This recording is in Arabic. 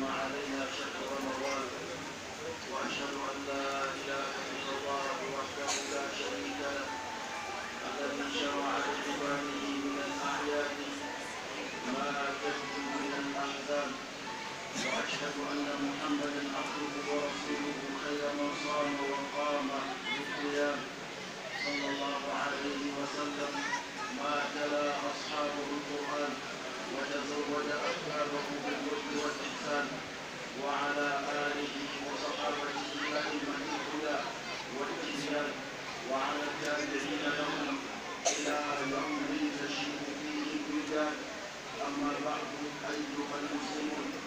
ما عليها شهر رمضان واشهد ان لا اله الا الله وحده لا شريك له الذي شرع لعباده من الاحياء ما تبدو من الاحزاب واشهد ان محمدا عبده الذين لهم إلى يوم الدين فيهم أما بعد أيها المسلمون